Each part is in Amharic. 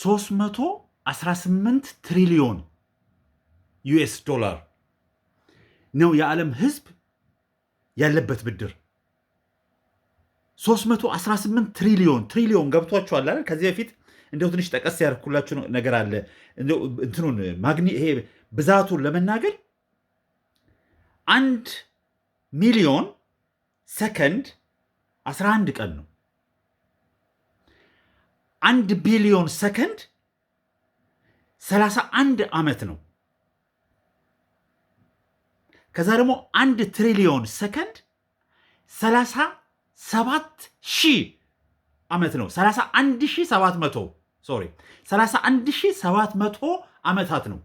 318 ትሪሊዮን ዩኤስ ዶላር ነው የዓለም ህዝብ ያለበት ብድር 318 ትሪሊዮን ትሪሊዮን ገብቷችኋል አይደል? ከዚህ በፊት እንደው ትንሽ ጠቀስ ያደርኩላችሁ ነገር አለ። እንትኑን ማግኒ ይሄ ብዛቱን ለመናገር አንድ ሚሊዮን ሰከንድ 11 ቀን ነው። አንድ ቢሊዮን ሰከንድ 31 ዓመት ነው። ከዛ ደግሞ አንድ ትሪሊዮን ሰከንድ 37 ሺህ ዓመት ነው። 31700 ሶሪ 31700 ዓመታት ነው።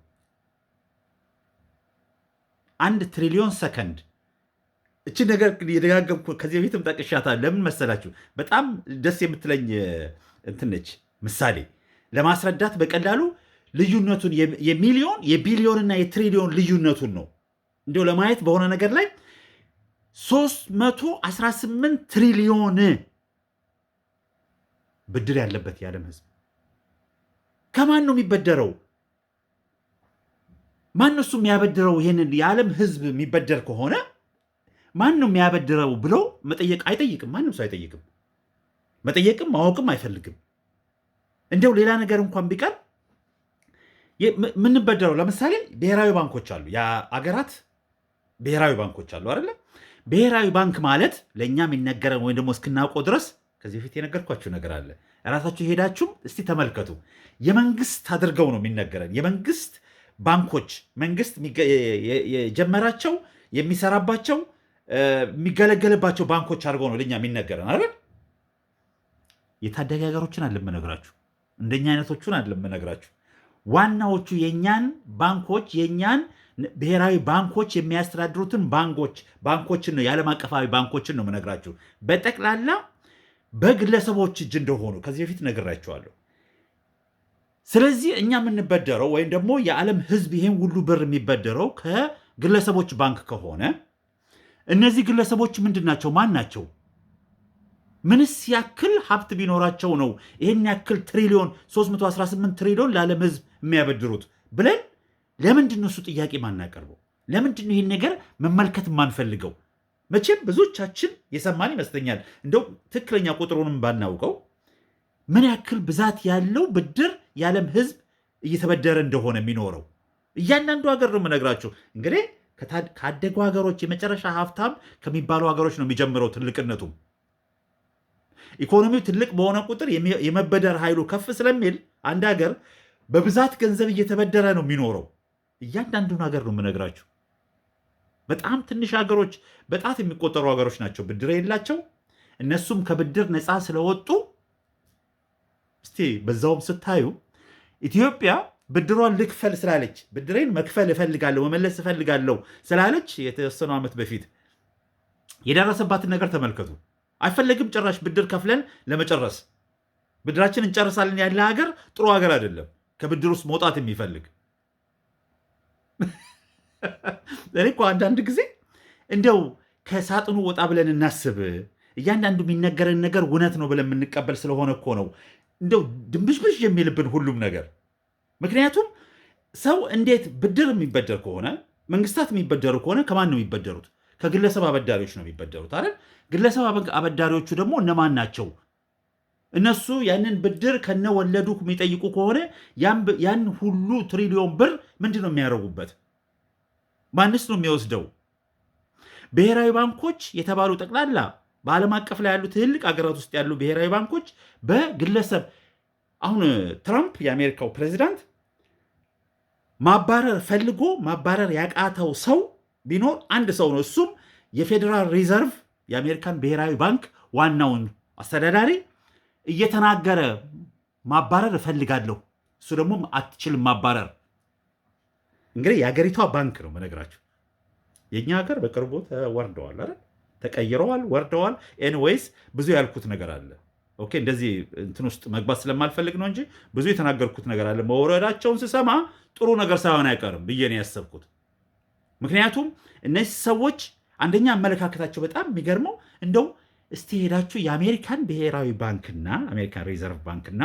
አንድ ትሪሊዮን ሰከንድ እቺ ነገር የደጋገምኩ ከዚህ በፊትም ጠቅሻታ። ለምን መሰላችሁ? በጣም ደስ የምትለኝ እንትን ነች ምሳሌ ለማስረዳት በቀላሉ ልዩነቱን የሚሊዮን የቢሊዮንና የትሪሊዮን ልዩነቱን ነው እንዲ ለማየት በሆነ ነገር ላይ 318 ትሪሊዮን ብድር ያለበት የዓለም ህዝብ ከማን ነው የሚበደረው? ማን እሱ የሚያበድረው? ይህንን የዓለም ህዝብ የሚበደር ከሆነ ማን ነው የሚያበድረው ብለው መጠየቅ አይጠይቅም። ማንም ሰው አይጠይቅም። መጠየቅም ማወቅም አይፈልግም። እንደው ሌላ ነገር እንኳን ቢቀር የምንበደረው ለምሳሌ ብሔራዊ ባንኮች አሉ፣ የአገራት ብሔራዊ ባንኮች አሉ አይደለ? ብሔራዊ ባንክ ማለት ለእኛ የሚነገረን ወይም ደግሞ እስክናውቀው ድረስ ከዚህ በፊት የነገርኳችሁ ነገር አለ። ራሳችሁ ሄዳችሁም እስቲ ተመልከቱ። የመንግስት አድርገው ነው የሚነገረን። የመንግስት ባንኮች መንግስት የጀመራቸው የሚሰራባቸው የሚገለገልባቸው ባንኮች አድርገው ነው ለእኛ የሚነገረን አይደል? የታዳጊ ሀገሮችን አይደለም የምነግራችሁ፣ እንደኛ አይነቶቹን አይደለም የምነግራችሁ። ዋናዎቹ የእኛን ባንኮች የእኛን ብሔራዊ ባንኮች የሚያስተዳድሩትን ባንኮች ባንኮችን ነው የዓለም አቀፋዊ ባንኮችን ነው የምነግራችሁ። በጠቅላላ በግለሰቦች እጅ እንደሆኑ ከዚህ በፊት ነግራችኋለሁ። ስለዚህ እኛ የምንበደረው ወይም ደግሞ የዓለም ሕዝብ ይህን ሁሉ ብር የሚበደረው ከግለሰቦች ባንክ ከሆነ እነዚህ ግለሰቦች ምንድን ናቸው? ማን ናቸው? ምንስ ያክል ሀብት ቢኖራቸው ነው ይህን ያክል ትሪሊዮን 318 ትሪሊዮን ለዓለም ህዝብ የሚያበድሩት ብለን ለምንድን ነው እሱ ጥያቄ ማናቀርበው? ለምንድን ነው ይህን ነገር መመልከት ማንፈልገው? መቼም ብዙዎቻችን የሰማን ይመስለኛል። እንደው ትክክለኛ ቁጥሩንም ባናውቀው ምን ያክል ብዛት ያለው ብድር የዓለም ህዝብ እየተበደረ እንደሆነ የሚኖረው እያንዳንዱ ሀገር ነው የምነግራችሁ። እንግዲህ ካደጉ ሀገሮች የመጨረሻ ሀብታም ከሚባሉ ሀገሮች ነው የሚጀምረው ትልቅነቱም ኢኮኖሚው ትልቅ በሆነ ቁጥር የመበደር ኃይሉ ከፍ ስለሚል አንድ ሀገር በብዛት ገንዘብ እየተበደረ ነው የሚኖረው። እያንዳንዱን ሀገር ነው የምነግራችሁ። በጣም ትንሽ ሀገሮች፣ በጣት የሚቆጠሩ ሀገሮች ናቸው ብድር የላቸው። እነሱም ከብድር ነፃ ስለወጡ እስቲ በዛውም ስታዩ ኢትዮጵያ ብድሯን ልክፈል ስላለች ብድሬን መክፈል እፈልጋለሁ መመለስ እፈልጋለሁ ስላለች የተወሰኑ ዓመት በፊት የደረሰባትን ነገር ተመልከቱ። አይፈለግም። ጭራሽ ብድር ከፍለን ለመጨረስ ብድራችን እንጨርሳለን ያለ ሀገር ጥሩ ሀገር አይደለም። ከብድር ውስጥ መውጣት የሚፈልግ እኔ እኮ አንዳንድ ጊዜ እንደው ከሳጥኑ ወጣ ብለን እናስብ። እያንዳንዱ የሚነገረን ነገር እውነት ነው ብለን የምንቀበል ስለሆነ እኮ ነው እንደው ድንብሽብሽ የሚልብን ሁሉም ነገር። ምክንያቱም ሰው እንዴት ብድር የሚበደር ከሆነ መንግስታት የሚበደሩ ከሆነ ከማን ነው የሚበደሩት? ከግለሰብ አበዳሪዎች ነው የሚበደሩት አይደል? ግለሰብ አበዳሪዎቹ ደግሞ እነማን ናቸው? እነሱ ያንን ብድር ከነወለዱ የሚጠይቁ ከሆነ ያን ሁሉ ትሪሊዮን ብር ምንድን ነው የሚያደርጉበት? ማንስ ነው የሚወስደው? ብሔራዊ ባንኮች የተባሉ ጠቅላላ በዓለም አቀፍ ላይ ያሉ ትልቅ ሀገራት ውስጥ ያሉ ብሔራዊ ባንኮች በግለሰብ አሁን ትራምፕ የአሜሪካው ፕሬዚዳንት ማባረር ፈልጎ ማባረር ያቃተው ሰው ቢኖር አንድ ሰው ነው። እሱም የፌዴራል ሪዘርቭ የአሜሪካን ብሔራዊ ባንክ ዋናውን አስተዳዳሪ እየተናገረ ማባረር እፈልጋለሁ። እሱ ደግሞ አትችልም ማባረር። እንግዲህ የሀገሪቷ ባንክ ነው መነግራቸው። የእኛ ሀገር በቅርቡ ተወርደዋል አይደል? ተቀይረዋል፣ ወርደዋል። ኤኒዌይስ ብዙ ያልኩት ነገር አለ። ኦኬ፣ እንደዚህ እንትን ውስጥ መግባት ስለማልፈልግ ነው እንጂ ብዙ የተናገርኩት ነገር አለ። መውረዳቸውን ስሰማ ጥሩ ነገር ሳይሆን አይቀርም ብዬ ነው ያሰብኩት። ምክንያቱም እነዚህ ሰዎች አንደኛ አመለካከታቸው በጣም የሚገርመው እንደው እስቲ ሄዳችሁ የአሜሪካን ብሔራዊ ባንክና አሜሪካን ሪዘርቭ ባንክና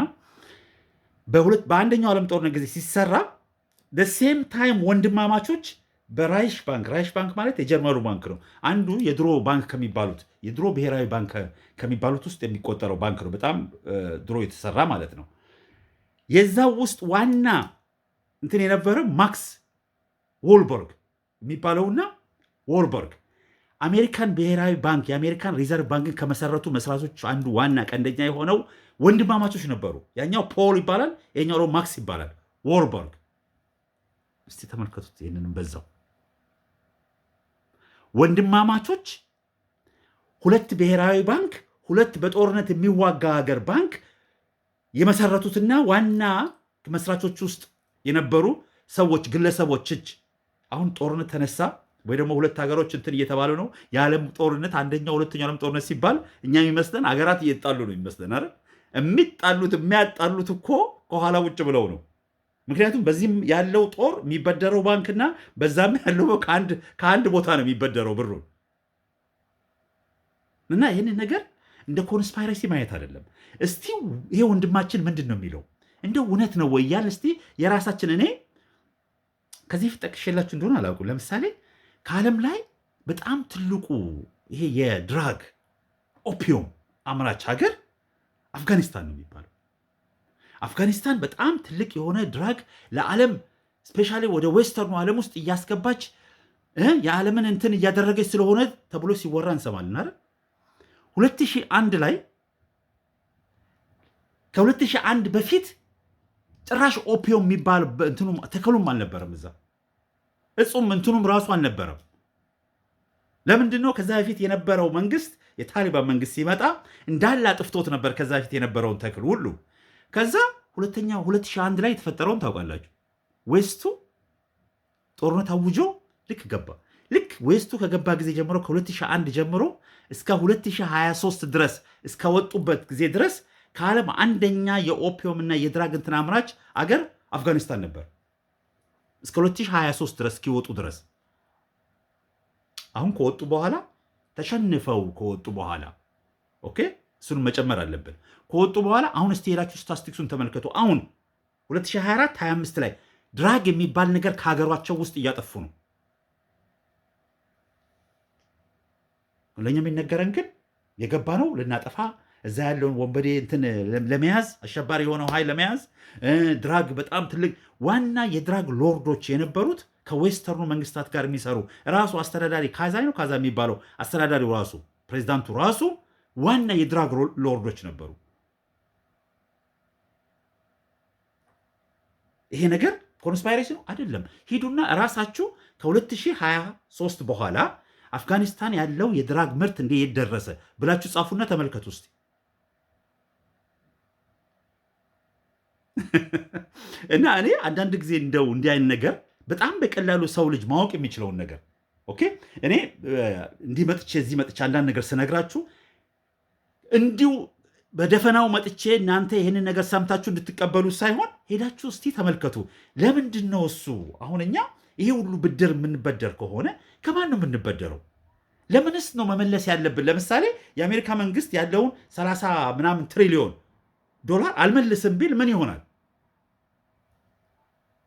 በአንደኛው ዓለም ጦርነት ጊዜ ሲሰራ ደሴም ታይም ወንድማማቾች በራይሽ ባንክ ራይሽ ባንክ ማለት የጀርመኑ ባንክ ነው። አንዱ የድሮ ባንክ ከሚባሉት የድሮ ብሔራዊ ባንክ ከሚባሉት ውስጥ የሚቆጠረው ባንክ ነው። በጣም ድሮ የተሰራ ማለት ነው። የዛው ውስጥ ዋና እንትን የነበረ ማክስ ዎልበርግ የሚባለውና ዎልበርግ አሜሪካን ብሔራዊ ባንክ የአሜሪካን ሪዘርቭ ባንክን ከመሰረቱ መስራቶች አንዱ ዋና ቀንደኛ የሆነው ወንድማማቾች ነበሩ። ያኛው ፖል ይባላል፣ ያኛው ደግሞ ማክስ ይባላል ዋርበርግ። እስቲ ተመልከቱት ይህንንም በዛው ወንድማማቾች ሁለት ብሔራዊ ባንክ ሁለት በጦርነት የሚዋጋ ሀገር ባንክ የመሰረቱትና ዋና መስራቾች ውስጥ የነበሩ ሰዎች ግለሰቦች እጅ አሁን ጦርነት ተነሳ ወይ ደግሞ ሁለት ሀገሮች እንትን እየተባሉ ነው። የዓለም ጦርነት አንደኛው ሁለተኛው ዓለም ጦርነት ሲባል እኛ የሚመስለን ሀገራት እየጣሉ ነው የሚመስለን አይደል? የሚጣሉት የሚያጣሉት እኮ ከኋላ ውጭ ብለው ነው። ምክንያቱም በዚህም ያለው ጦር የሚበደረው ባንክና በዛም ያለው ከአንድ ቦታ ነው የሚበደረው ብሩ እና ይህንን ነገር እንደ ኮንስፓይረሲ ማየት አይደለም። እስቲ ይሄ ወንድማችን ምንድን ነው የሚለው እንደው እውነት ነው ወይ እያልን እስቲ የራሳችን እኔ ከዚህ ፍጠቅሽላችሁ እንደሆነ አላውቅም ለምሳሌ ከዓለም ላይ በጣም ትልቁ ይሄ የድራግ ኦፒዮም አምራች ሀገር አፍጋኒስታን ነው የሚባለው። አፍጋኒስታን በጣም ትልቅ የሆነ ድራግ ለዓለም ስፔሻሊ ወደ ዌስተርኑ ዓለም ውስጥ እያስገባች የዓለምን እንትን እያደረገች ስለሆነ ተብሎ ሲወራ እንሰማለን አይደል? 2001 ላይ ከ2001 በፊት ጭራሽ ኦፒዮም የሚባል እንትኑም ተከሉም አልነበረም እዛ እጹም እንትኑም ራሱ አልነበረም። ለምንድን ነው? ከዛ በፊት የነበረው መንግስት የታሊባን መንግስት ሲመጣ እንዳለ አጥፍቶት ነበር፣ ከዛ በፊት የነበረውን ተክል ሁሉ። ከዛ ሁለተኛ 2001 ላይ የተፈጠረውን ታውቃላችሁ። ዌስቱ ጦርነት አውጆ ልክ ገባ። ልክ ዌስቱ ከገባ ጊዜ ጀምሮ ከ2001 ጀምሮ እስከ 2023 ድረስ እስከወጡበት ጊዜ ድረስ ከዓለም አንደኛ የኦፒየምና የድራግ እንትን አምራች አገር አፍጋኒስታን ነበር። እስከ 2023 ድረስ እስኪወጡ ድረስ አሁን ከወጡ በኋላ ተሸንፈው ከወጡ በኋላ ኦኬ፣ እሱን መጨመር አለብን። ከወጡ በኋላ አሁን እስቲ ሄዳችሁ ስታስቲክሱን ተመልከቱ። አሁን 2024 25 ላይ ድራግ የሚባል ነገር ከሀገሯቸው ውስጥ እያጠፉ ነው። ለእኛ የሚነገረን ግን የገባ ነው ልናጠፋ እዛ ያለውን ወንበዴ እንትን ለመያዝ አሸባሪ የሆነው ሀይል ለመያዝ ድራግ በጣም ትልቅ ዋና የድራግ ሎርዶች የነበሩት ከዌስተርኑ መንግስታት ጋር የሚሰሩ ራሱ አስተዳዳሪ ካዛይ ነው ካዛ የሚባለው አስተዳዳሪው ራሱ ፕሬዚዳንቱ ራሱ ዋና የድራግ ሎርዶች ነበሩ። ይሄ ነገር ኮንስፓይሬሲ አይደለም። ሂዱና ራሳችሁ ከ2023 በኋላ አፍጋኒስታን ያለው የድራግ ምርት እንዴት የደረሰ ብላችሁ ጻፉና ተመልከቱ ውስጥ እና እኔ አንዳንድ ጊዜ እንደው እንዲህ አይነት ነገር በጣም በቀላሉ ሰው ልጅ ማወቅ የሚችለውን ነገር ኦኬ፣ እኔ እንዲህ መጥቼ እዚህ መጥቼ አንዳንድ ነገር ስነግራችሁ እንዲሁ በደፈናው መጥቼ እናንተ ይህንን ነገር ሰምታችሁ እንድትቀበሉ ሳይሆን ሄዳችሁ እስቲ ተመልከቱ። ለምንድን ነው እሱ አሁን እኛ ይሄ ሁሉ ብድር የምንበደር ከሆነ ከማን ነው የምንበደረው? ለምንስ ነው መመለስ ያለብን? ለምሳሌ የአሜሪካ መንግስት ያለውን ሰላሳ ምናምን ትሪሊዮን ዶላር አልመልስም ቢል ምን ይሆናል?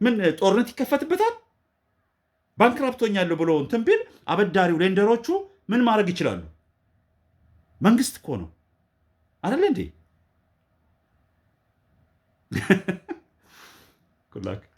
ምን ጦርነት ይከፈትበታል? ባንክራፕቶኛለሁ ብሎ እንትን ቢል አበዳሪው ሌንደሮቹ ምን ማድረግ ይችላሉ? መንግስት እኮ ነው አደለ እንዴ?